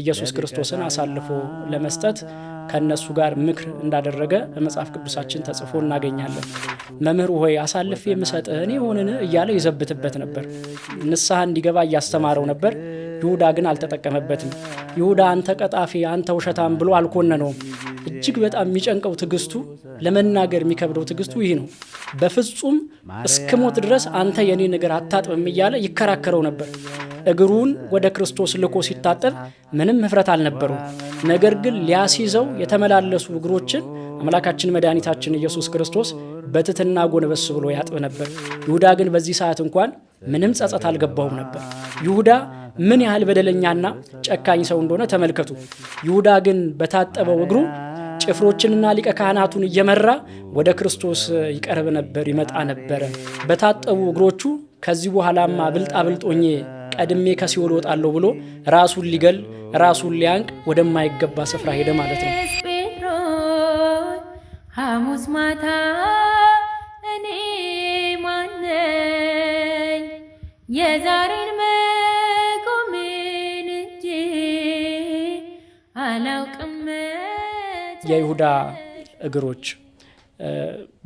ኢየሱስ ክርስቶስን አሳልፎ ለመስጠት ከእነሱ ጋር ምክር እንዳደረገ በመጽሐፍ ቅዱሳችን ተጽፎ እናገኛለን። መምህሩ ሆይ አሳልፌ የምሰጥህ እኔ ሆንን እያለ ይዘብትበት ነበር። ንስሐ እንዲገባ እያስተማረው ነበር። ይሁዳ ግን አልተጠቀመበትም። ይሁዳ አንተ ቀጣፊ፣ አንተ ውሸታም ብሎ አልኮነነውም። እጅግ በጣም የሚጨንቀው ትዕግስቱ፣ ለመናገር የሚከብደው ትዕግስቱ ይህ ነው። በፍጹም እስክሞት ድረስ አንተ የእኔ ነገር አታጥብም እያለ ይከራከረው ነበር። እግሩን ወደ ክርስቶስ ልኮ ሲታጠብ ምንም ህፍረት አልነበሩም። ነገር ግን ሊያስይዘው የተመላለሱ እግሮችን አምላካችን መድኃኒታችን ኢየሱስ ክርስቶስ በትትና ጎንበስ ብሎ ያጥብ ነበር። ይሁዳ ግን በዚህ ሰዓት እንኳን ምንም ጸጸት አልገባውም ነበር። ይሁዳ ምን ያህል በደለኛና ጨካኝ ሰው እንደሆነ ተመልከቱ። ይሁዳ ግን በታጠበው እግሩ ጭፍሮችንና ሊቀ ካህናቱን እየመራ ወደ ክርስቶስ ይቀርብ ነበር፣ ይመጣ ነበረ። በታጠቡ እግሮቹ ከዚህ በኋላማ ብልጣ ብልጦኜ ቀድሜ ከሲኦል ወጣለሁ ብሎ ራሱን ሊገል ራሱን ሊያንቅ ወደማይገባ ስፍራ ሄደ ማለት ነው። ሐሙስ ማታ እኔ ማነኝ የዛሬን መቆሜን እንጂ አላውቅም። የይሁዳ እግሮች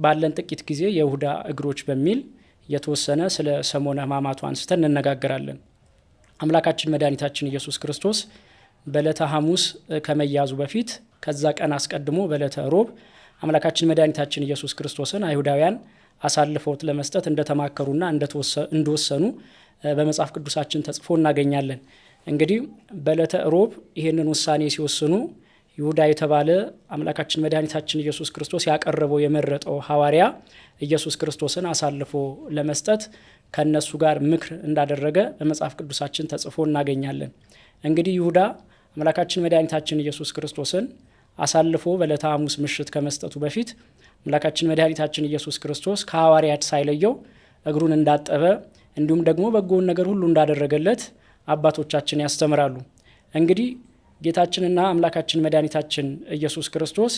ባለን ጥቂት ጊዜ የይሁዳ እግሮች በሚል የተወሰነ ስለ ሰሞነ ሕማማቱ አንስተን እንነጋገራለን። አምላካችን መድኃኒታችን ኢየሱስ ክርስቶስ በዕለተ ሐሙስ ከመያዙ በፊት ከዛ ቀን አስቀድሞ በዕለተ ሮብ አምላካችን መድኃኒታችን ኢየሱስ ክርስቶስን አይሁዳውያን አሳልፈውት ለመስጠት እንደተማከሩና እንደወሰኑ በመጽሐፍ ቅዱሳችን ተጽፎ እናገኛለን። እንግዲህ በዕለተ ሮብ ይህንን ውሳኔ ሲወስኑ ይሁዳ የተባለ አምላካችን መድኃኒታችን ኢየሱስ ክርስቶስ ያቀረበው የመረጠው ሐዋርያ ኢየሱስ ክርስቶስን አሳልፎ ለመስጠት ከእነሱ ጋር ምክር እንዳደረገ በመጽሐፍ ቅዱሳችን ተጽፎ እናገኛለን። እንግዲህ ይሁዳ አምላካችን መድኃኒታችን ኢየሱስ ክርስቶስን አሳልፎ በዕለተ ሐሙስ ምሽት ከመስጠቱ በፊት አምላካችን መድኃኒታችን ኢየሱስ ክርስቶስ ከሐዋርያት ሳይለየው እግሩን እንዳጠበ እንዲሁም ደግሞ በጎውን ነገር ሁሉ እንዳደረገለት አባቶቻችን ያስተምራሉ። እንግዲህ ጌታችንና አምላካችን መድኃኒታችን ኢየሱስ ክርስቶስ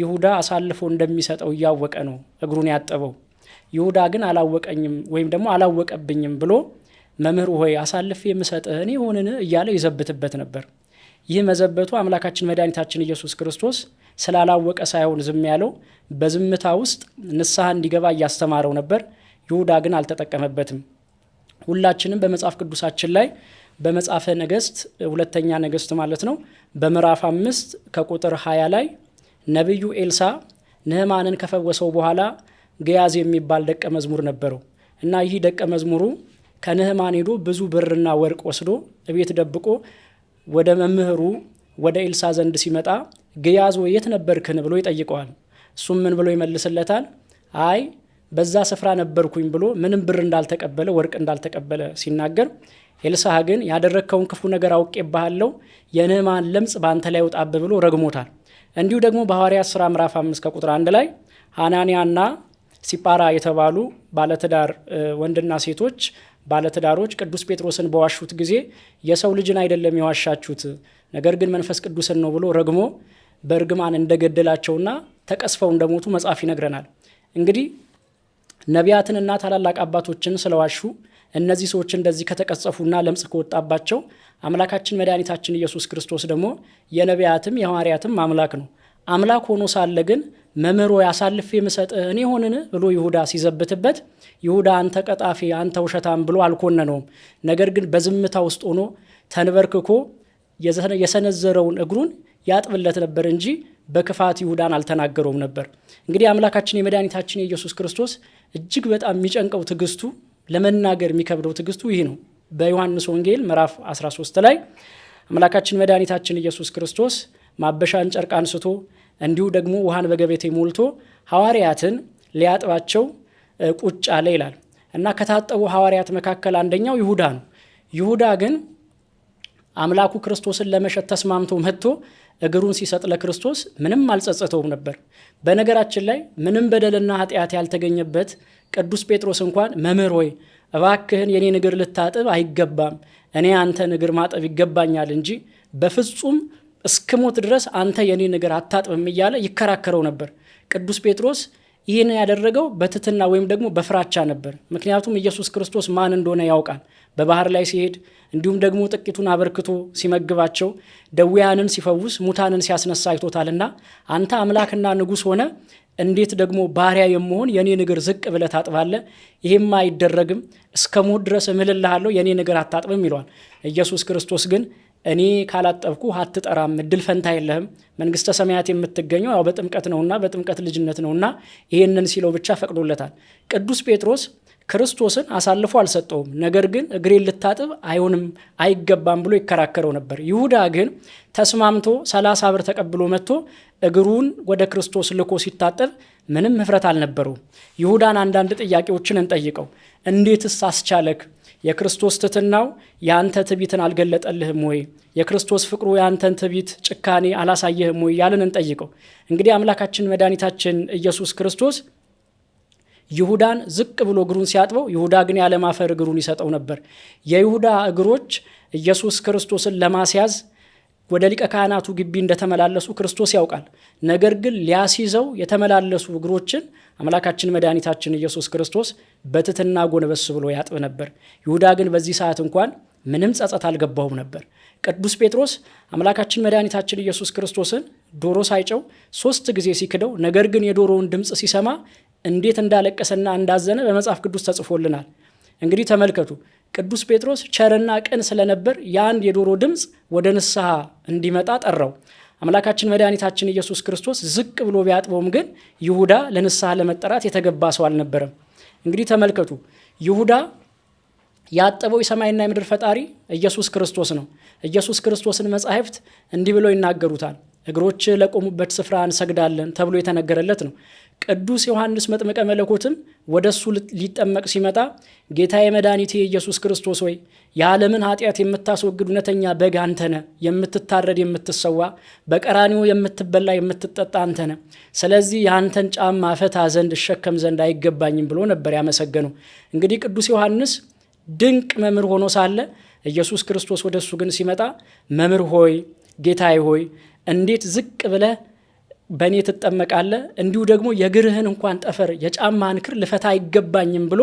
ይሁዳ አሳልፎ እንደሚሰጠው እያወቀ ነው እግሩን ያጠበው። ይሁዳ ግን አላወቀኝም ወይም ደግሞ አላወቀብኝም ብሎ መምህር ሆይ አሳልፌ የምሰጥህ እኔ ሆንን እያለ ይዘብትበት ነበር። ይህ መዘበቱ አምላካችን መድኃኒታችን ኢየሱስ ክርስቶስ ስላላወቀ ሳይሆን ዝም ያለው በዝምታ ውስጥ ንስሐ እንዲገባ እያስተማረው ነበር። ይሁዳ ግን አልተጠቀመበትም። ሁላችንም በመጽሐፍ ቅዱሳችን ላይ በመጽሐፈ ነገስት ሁለተኛ ነገስት ማለት ነው በምዕራፍ አምስት ከቁጥር ሀያ ላይ ነቢዩ ኤልሳ ንህማንን ከፈወሰው በኋላ ገያዝ የሚባል ደቀ መዝሙር ነበረው እና ይህ ደቀ መዝሙሩ ከንህማን ሄዶ ብዙ ብርና ወርቅ ወስዶ እቤት ደብቆ ወደ መምህሩ ወደ ኤልሳ ዘንድ ሲመጣ ግያዝ ወይ የት ነበርክን ብሎ ይጠይቀዋል። እሱም ምን ብሎ ይመልስለታል? አይ በዛ ስፍራ ነበርኩኝ ብሎ ምንም ብር እንዳልተቀበለ ወርቅ እንዳልተቀበለ ሲናገር ኤልሳዕ ግን ያደረግከውን ክፉ ነገር አውቄብሃለሁ፣ የንዕማን ለምጽ በአንተ ላይ ውጣብ ብሎ ረግሞታል። እንዲሁ ደግሞ በሐዋርያት ሥራ ምዕራፍ አምስት ከቁጥር አንድ ላይ ሐናንያና ሲጳራ የተባሉ ባለትዳር ወንድና ሴቶች ባለትዳሮች ቅዱስ ጴጥሮስን በዋሹት ጊዜ የሰው ልጅን አይደለም የዋሻችሁት፣ ነገር ግን መንፈስ ቅዱስን ነው ብሎ ረግሞ በእርግማን እንደገደላቸውና ተቀስፈው እንደሞቱ መጽሐፍ ይነግረናል። እንግዲህ ነቢያትንና ታላላቅ አባቶችን ስለዋሹ እነዚህ ሰዎች እንደዚህ ከተቀጸፉና ለምጽ ከወጣባቸው አምላካችን መድኃኒታችን ኢየሱስ ክርስቶስ ደግሞ የነቢያትም የሐዋርያትም አምላክ ነው። አምላክ ሆኖ ሳለ ግን መምህሮ አሳልፌ የምሰጥህ እኔ ሆንን ብሎ ይሁዳ ሲዘብትበት ይሁዳ አንተ ቀጣፊ፣ አንተ ውሸታም ብሎ አልኮነነውም። ነገር ግን በዝምታ ውስጥ ሆኖ ተንበርክኮ የሰነዘረውን እግሩን ያጥብለት ነበር እንጂ በክፋት ይሁዳን አልተናገረውም ነበር። እንግዲህ አምላካችን የመድኃኒታችን የኢየሱስ ክርስቶስ እጅግ በጣም የሚጨንቀው ትዕግስቱ ለመናገር የሚከብደው ትዕግስቱ ይህ ነው። በዮሐንስ ወንጌል ምዕራፍ 13 ላይ አምላካችን መድኃኒታችን ኢየሱስ ክርስቶስ ማበሻን ጨርቅ አንስቶ እንዲሁ ደግሞ ውሃን በገበቴ ሞልቶ ሐዋርያትን ሊያጥባቸው ቁጭ አለ ይላል እና ከታጠቡ ሐዋርያት መካከል አንደኛው ይሁዳ ነው። ይሁዳ ግን አምላኩ ክርስቶስን ለመሸጥ ተስማምቶ መጥቶ እግሩን ሲሰጥ ለክርስቶስ ምንም አልጸጸተውም ነበር። በነገራችን ላይ ምንም በደልና ኃጢአት ያልተገኘበት ቅዱስ ጴጥሮስ እንኳን መምህር ሆይ እባክህን የኔን እግር ልታጥብ አይገባም፣ እኔ አንተን እግር ማጠብ ይገባኛል እንጂ በፍጹም እስክሞት ድረስ አንተ የኔን እግር አታጥብም እያለ ይከራከረው ነበር ቅዱስ ጴጥሮስ ይህን ያደረገው በትትና ወይም ደግሞ በፍራቻ ነበር። ምክንያቱም ኢየሱስ ክርስቶስ ማን እንደሆነ ያውቃል። በባህር ላይ ሲሄድ እንዲሁም ደግሞ ጥቂቱን አበርክቶ ሲመግባቸው፣ ደዌያንን ሲፈውስ፣ ሙታንን ሲያስነሳ አይቶታልና አንተ አምላክና ንጉሥ ሆነ እንዴት ደግሞ ባሪያ የምሆን የእኔን እግር ዝቅ ብለህ ታጥባለህ? ይሄማ አይደረግም፣ እስከ ሞት ድረስ እምልልሃለሁ የእኔ እግር አታጥብም ይሏል። ኢየሱስ ክርስቶስ ግን እኔ ካላጠብኩ አትጠራም፣ እድል ፈንታ የለህም፣ መንግስተ ሰማያት የምትገኘው ያው በጥምቀት ነውና በጥምቀት ልጅነት ነውና ይህንን ሲለው ብቻ ፈቅዶለታል። ቅዱስ ጴጥሮስ ክርስቶስን አሳልፎ አልሰጠውም፣ ነገር ግን እግሬን ልታጥብ አይሆንም አይገባም ብሎ ይከራከረው ነበር። ይሁዳ ግን ተስማምቶ ሰላሳ ብር ተቀብሎ መጥቶ እግሩን ወደ ክርስቶስ ልኮ ሲታጠብ ምንም ኅፍረት አልነበረው ይሁዳን አንዳንድ ጥያቄዎችን እንጠይቀው። እንዴትስ አስቻለክ? የክርስቶስ ትትናው የአንተ ትቢትን አልገለጠልህም ወይ? የክርስቶስ ፍቅሩ የአንተን ትቢት ጭካኔ አላሳየህም ወይ? ያልን እንጠይቀው። እንግዲህ አምላካችን መድኃኒታችን ኢየሱስ ክርስቶስ ይሁዳን ዝቅ ብሎ እግሩን ሲያጥበው ይሁዳ ግን ያለማፈር እግሩን ይሰጠው ነበር። የይሁዳ እግሮች ኢየሱስ ክርስቶስን ለማስያዝ ወደ ሊቀ ካህናቱ ግቢ እንደተመላለሱ ክርስቶስ ያውቃል። ነገር ግን ሊያስይዘው የተመላለሱ እግሮችን አምላካችን መድኃኒታችን ኢየሱስ ክርስቶስ በትትና ጎንበስ ብሎ ያጥብ ነበር። ይሁዳ ግን በዚህ ሰዓት እንኳን ምንም ጸጸት አልገባውም ነበር። ቅዱስ ጴጥሮስ አምላካችን መድኃኒታችን ኢየሱስ ክርስቶስን ዶሮ ሳይጨው ሶስት ጊዜ ሲክደው ነገር ግን የዶሮውን ድምፅ ሲሰማ እንዴት እንዳለቀሰና እንዳዘነ በመጽሐፍ ቅዱስ ተጽፎልናል። እንግዲህ ተመልከቱ። ቅዱስ ጴጥሮስ ቸርና ቅን ስለነበር የአንድ የዶሮ ድምፅ ወደ ንስሐ እንዲመጣ ጠራው። አምላካችን መድኃኒታችን ኢየሱስ ክርስቶስ ዝቅ ብሎ ቢያጥበውም ግን ይሁዳ ለንስሐ ለመጠራት የተገባ ሰው አልነበረም። እንግዲህ ተመልከቱ ይሁዳ ያጠበው የሰማይና የምድር ፈጣሪ ኢየሱስ ክርስቶስ ነው። ኢየሱስ ክርስቶስን መጻሕፍት እንዲህ ብለው ይናገሩታል። እግሮች ለቆሙበት ስፍራ እንሰግዳለን ተብሎ የተነገረለት ነው። ቅዱስ ዮሐንስ መጥምቀ መለኮትም ወደ እሱ ሊጠመቅ ሲመጣ ጌታ የመድኃኒቴ ኢየሱስ ክርስቶስ ሆይ የዓለምን ኃጢአት የምታስወግድ እውነተኛ በግ አንተነ፣ የምትታረድ የምትሰዋ፣ በቀራኒው የምትበላ የምትጠጣ አንተነ። ስለዚህ የአንተን ጫማ ፈታ ዘንድ እሸከም ዘንድ አይገባኝም ብሎ ነበር ያመሰገነው። እንግዲህ ቅዱስ ዮሐንስ ድንቅ መምህር ሆኖ ሳለ ኢየሱስ ክርስቶስ ወደ እሱ ግን ሲመጣ መምህር ሆይ ጌታዬ ሆይ እንዴት ዝቅ ብለህ በእኔ ትጠመቃለ፣ እንዲሁ ደግሞ የግርህን እንኳን ጠፈር የጫማ አንክር ልፈታ አይገባኝም ብሎ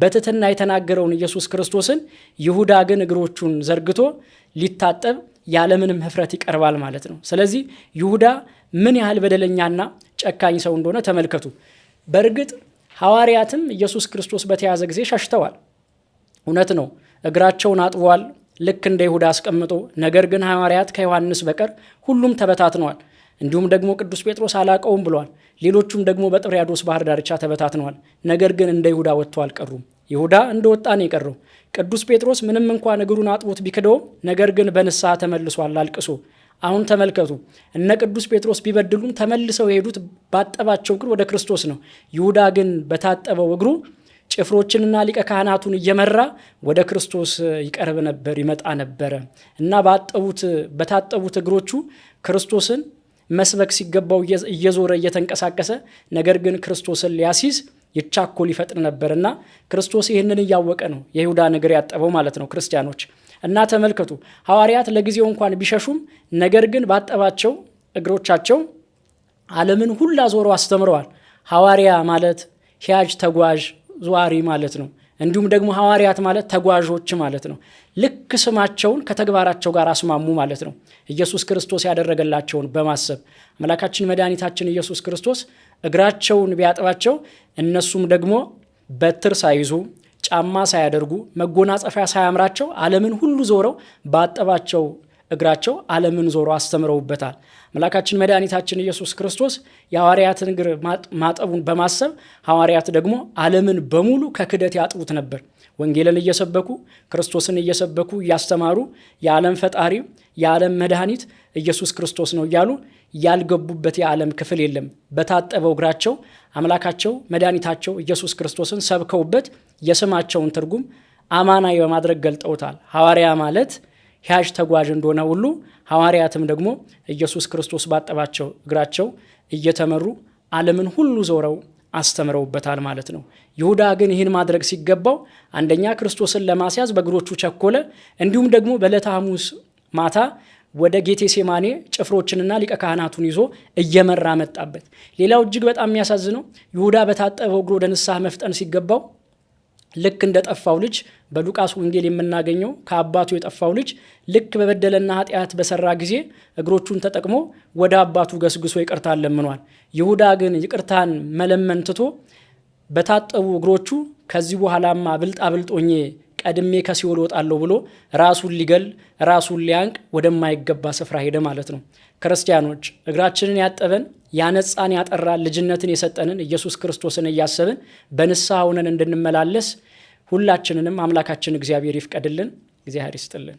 በትትና የተናገረውን ኢየሱስ ክርስቶስን ይሁዳ ግን እግሮቹን ዘርግቶ ሊታጠብ ያለምንም ህፍረት ይቀርባል ማለት ነው። ስለዚህ ይሁዳ ምን ያህል በደለኛና ጨካኝ ሰው እንደሆነ ተመልከቱ። በእርግጥ ሐዋርያትም ኢየሱስ ክርስቶስ በተያዘ ጊዜ ሸሽተዋል። እውነት ነው፣ እግራቸውን አጥቧል ልክ እንደ ይሁዳ አስቀምጦ። ነገር ግን ሐዋርያት ከዮሐንስ በቀር ሁሉም ተበታትነዋል። እንዲሁም ደግሞ ቅዱስ ጴጥሮስ አላቀውም ብሏል። ሌሎቹም ደግሞ በጥብርያዶስ ባህር ዳርቻ ተበታትነዋል። ነገር ግን እንደ ይሁዳ ወጥቶ አልቀሩም። ይሁዳ ወጣ ነው የቀረው። ቅዱስ ጴጥሮስ ምንም እንኳን እግሩን አጥቦት ቢክደውም ነገር ግን በንስሐ ተመልሷል አልቅሶ። አሁን ተመልከቱ፣ እነ ቅዱስ ጴጥሮስ ቢበድሉም ተመልሰው የሄዱት ባጠባቸው እግር ወደ ክርስቶስ ነው። ይሁዳ ግን በታጠበው እግሩ ጭፍሮችንና ሊቀ ካህናቱን እየመራ ወደ ክርስቶስ ይቀርብ ነበር፣ ይመጣ ነበረ እና በታጠቡት እግሮቹ ክርስቶስን መስበክ ሲገባው እየዞረ እየተንቀሳቀሰ ነገር ግን ክርስቶስን ሊያሲዝ ይቻኮል ይፈጥን ነበር እና ክርስቶስ ይህንን እያወቀ ነው የይሁዳ ነገር ያጠበው ማለት ነው ክርስቲያኖች እና ተመልከቱ ሐዋርያት ለጊዜው እንኳን ቢሸሹም ነገር ግን ባጠባቸው እግሮቻቸው ዓለምን ሁላ ዞሮ አስተምረዋል ሐዋርያ ማለት ሂያጅ ተጓዥ ዟሪ ማለት ነው እንዲሁም ደግሞ ሐዋርያት ማለት ተጓዦች ማለት ነው። ልክ ስማቸውን ከተግባራቸው ጋር አስማሙ ማለት ነው። ኢየሱስ ክርስቶስ ያደረገላቸውን በማሰብ አምላካችን መድኃኒታችን ኢየሱስ ክርስቶስ እግራቸውን ቢያጥባቸው እነሱም ደግሞ በትር ሳይዙ ጫማ ሳያደርጉ መጎናጸፊያ ሳያምራቸው ዓለምን ሁሉ ዞረው ባጠባቸው እግራቸው ዓለምን ዞሮ አስተምረውበታል። አምላካችን መድኃኒታችን ኢየሱስ ክርስቶስ የሐዋርያትን እግር ማጠቡን በማሰብ ሐዋርያት ደግሞ ዓለምን በሙሉ ከክደት ያጥቡት ነበር። ወንጌልን እየሰበኩ ክርስቶስን እየሰበኩ እያስተማሩ የዓለም ፈጣሪ የዓለም መድኃኒት ኢየሱስ ክርስቶስ ነው እያሉ ያልገቡበት የዓለም ክፍል የለም። በታጠበው እግራቸው አምላካቸው መድኃኒታቸው ኢየሱስ ክርስቶስን ሰብከውበት የስማቸውን ትርጉም አማናዊ በማድረግ ገልጠውታል። ሐዋርያ ማለት ሕያጅ ተጓዥ እንደሆነ ሁሉ ሐዋርያትም ደግሞ ኢየሱስ ክርስቶስ ባጠባቸው እግራቸው እየተመሩ ዓለምን ሁሉ ዞረው አስተምረውበታል ማለት ነው። ይሁዳ ግን ይህን ማድረግ ሲገባው አንደኛ ክርስቶስን ለማስያዝ በእግሮቹ ቸኮለ። እንዲሁም ደግሞ በዕለተ ሐሙስ ማታ ወደ ጌቴሴማኔ ጭፍሮችንና ሊቀ ካህናቱን ይዞ እየመራ መጣበት። ሌላው እጅግ በጣም የሚያሳዝነው ይሁዳ በታጠበው እግሩ ወደ ንስሐ መፍጠን ሲገባው ልክ እንደ ጠፋው ልጅ በሉቃስ ወንጌል የምናገኘው ከአባቱ የጠፋው ልጅ ልክ በበደለና ኃጢአት በሰራ ጊዜ እግሮቹን ተጠቅሞ ወደ አባቱ ገስግሶ ይቅርታን ለምኗል። ይሁዳ ግን ይቅርታን መለመን ትቶ በታጠቡ እግሮቹ ከዚህ በኋላማ ብልጣ ብልጦኜ ቀድሜ ከሲኦል ወጣለሁ ብሎ ራሱን ሊገል ራሱን ሊያንቅ ወደማይገባ ስፍራ ሄደ ማለት ነው። ክርስቲያኖች እግራችንን ያጠበን ያነጻን ያጠራን ልጅነትን የሰጠንን ኢየሱስ ክርስቶስን እያሰብን በንስሐ ሆነን እንድንመላለስ ሁላችንንም አምላካችን እግዚአብሔር ይፍቀድልን። እግዚአብሔር ይስጥልን።